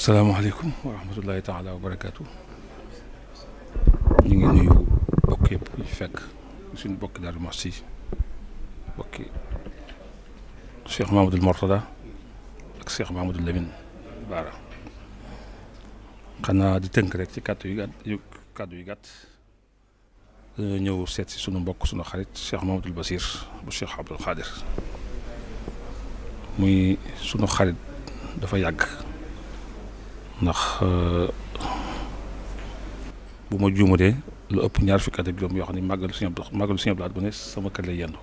salaamaaleykum wa rahmatullahi taala wa barakaatu ñu ngi nuyu bokk yëpp ñu fekk suñu bokki Daaru Muxti bokki Cheikh Mamadou Mortada ak Cheikh Mamadou Lamine Baara xanaa di tënk rek ci kàddu yu gàtt yu kàddu yu gàtt dañoo ñëw seet si sunu mbokk sunu xarit Cheikh Mamadou Basir bu Cheikh Abdoul Khadir muy sunu xarit dafa yàgg. ndax euh, bu ma juumatee lu ëpp ñaar fukki at ak juróom yoo xam ne màggalu Sëñ Abdu sama kër lay yendu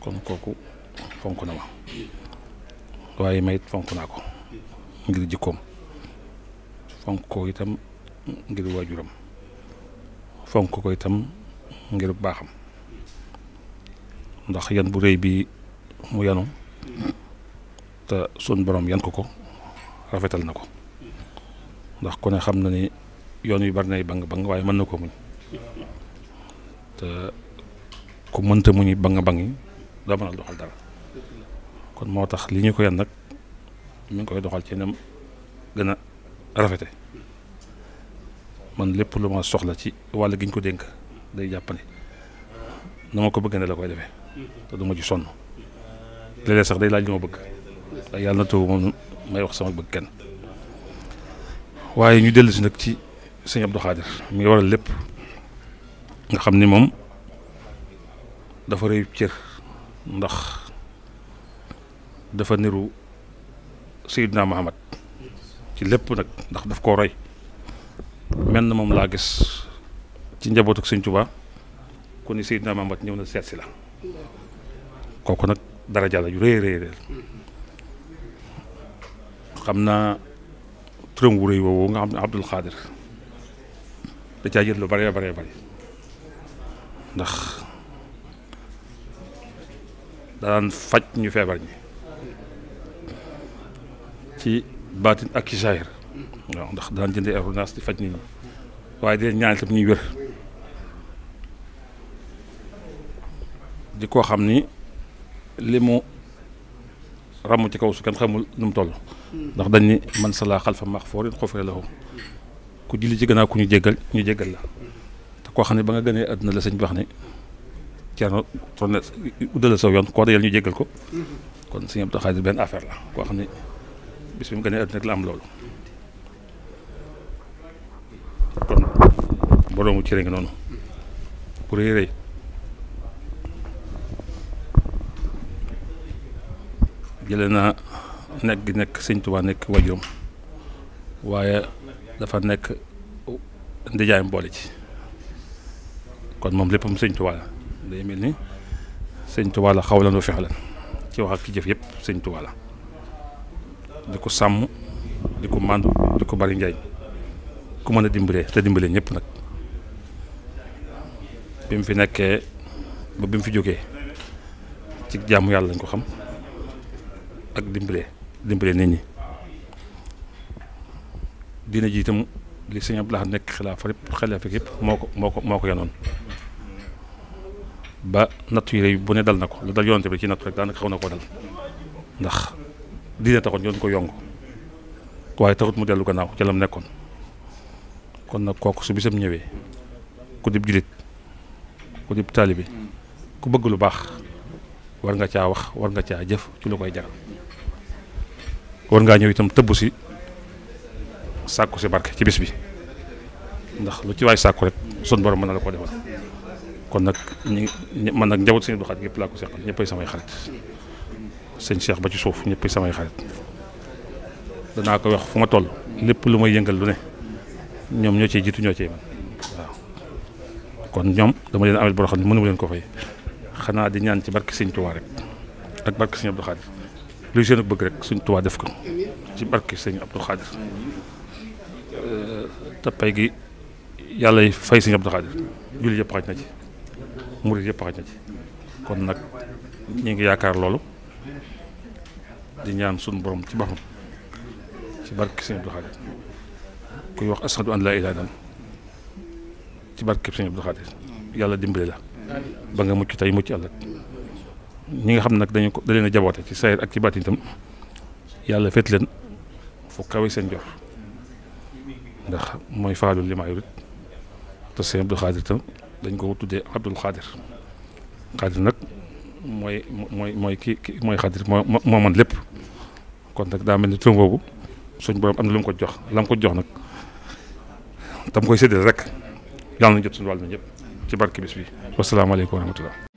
kon kooku fonk na ma waaye may fonk naa ko ngir jikkoom fonk ko itam ngir waajuram fonk ko itam ngir baaxam ndax yan bu rëy bi mu yenu te sun borom yan ko ko rafetal na ko ndax kone xam na ni yoon yu bari nay bang-bang waaye man na ko muñ te ku mënta muñi bang-bang yi doo mënal doxal dara kon moo tax li ñu ko yan nag mi ngi koy doxal ci nam gën a rafete man lépp lu ma soxla ci wàll gi ñu ko dénk day jàpp ne na ko bëgg ne la koy defee te du ma ci sonn sax day laaj li ma bëgg waaye may wax sama bëgg kenn waaye ñu dellusi nag ci sëñ Abdou Khadir mi ngi waral lépp nga xam ni moom dafa rëyub cër ndax dafa niru Seydina Muhammad ci lépp nag ndax daf koo roy na moom laa gis ci njabootuk sëñ Tuubaa ku ni Seydina Muhammad ñëw na seet si la kooku nag dara jàll yu rëy rëy xam naa turam wu rëy woowu nga xam ne Abdul Xaadir da caa jël lu bare bare bare ndax daan faj ñu feebar ñi ci baatin ak ci saahir waaw ndax daan jëndee ordonnance di faj nit ñi waaye di leen ñaan itam ñuy wér di ko xam ni li ràmm ci kaw su kenn xamul nu mu toll. ndax dañ ni man sala xalfa maxfoorin xufre lahu ku julli ci ku ñu jéggal ñu jéggal la te koo xam ne ba nga gënee àdduna la sëñ bi wax ne Thierno Touré uddala saw yoon koo dajal ñu jéggal ko. kon sëñ Abdou benn affaire la koo xam ne bis bi mu gënee àdduna rek la am loolu. kon boroomu cere ngi noonu. bu rëy rëy jële na nekk gi nekk sëñ Tuubaa nekk wajuram waaye dafa nekk ndijaayam mboole ci kon moom léppam sëñ Tuubaa la day mel ni sëñ Tuubaa la xawlan wa fi'lan ci wax ci jëf yëpp sëñ Tuubaa la di ko sàmm di ko màndu di ko bari njaay ku mën a dimbalee te dimbalee ñëpp nag bi mu fi nekkee ba bi mu fi jógee ci jaamu yàlla lañ ko xam ak dimbale dimbale nit ñi diine ji itam li sëñ Abdou Lahad nekk xilaafa yëpp xilaafa yëpp moo ko moo ko moo ko yanoon ba natt bu ne dal na ko lu dal yonante bi ci natt rek daanaka xaw na koo dal ndax diine taxoon yoon ko yong waaye taxut mu dellu gannaaw ca lam nekkoon kon nag kooku su bisam ñëwee ku dib jullit ku dib taalibe ku bëgg lu baax war nga caa wax war nga caa jëf ci lu koy jaral war ngaa ñëw itam tëbb si sàkku si barke ci bis bi ndax lu ci waay sàkku rek sun borom mën na la koo defal kon nag ñi man ak njaboot sëñ Abdou Khadre yëpp laa ko seqal ñëppay samay xarit sëñ Cheikh ba ci suuf ñëppay samay xarit danaa ko wax fu ma toll lépp lu may yëngal lu ne ñoom ñoo ciy jiitu ñoo ciy man waaw kon ñoom dama leen amel boo xam ne mënu ma leen ko fay xanaa di ñaan ci barke sëñ Tuubaa rek ak barke sëñ Abdou Khadre lu jeune bëgg rek suñ Tuubaa def ko ci barke sëñ Abdou Khadir tappay gi yàlla fay sëñ Abdou Khadir julli yëpp xaj na ci murit yëpp xaj na ci kon nag ñu ngi yaakaar loolu di ñaan suñu borom ci baxam ci barke sëñ Abdou kuy wax asadu an laa ilaaha illallaah ci barke sëñ Abdou Khadir yàlla dimbali la ba nga mucc tey mucc àllak ñi nga xam nag dañu ko da leen a jaboote ci sayir ak ci baatin tam yàlla féet leen fu kawe seen jox ndax mooy faalul li maa yurit te dañ ko tuddee Abdul Khadir Khadir nag mooy mooy mooy kii mooy Khadir moo lépp kon nag daa mel ni turam boobu suñ am na lu mu ko jox la mu ko jox nag tam koy séddale rek yàlla na jot suñu wàll na ñëpp ci barke bis bi wasalaamaaleykum wa rahmatullah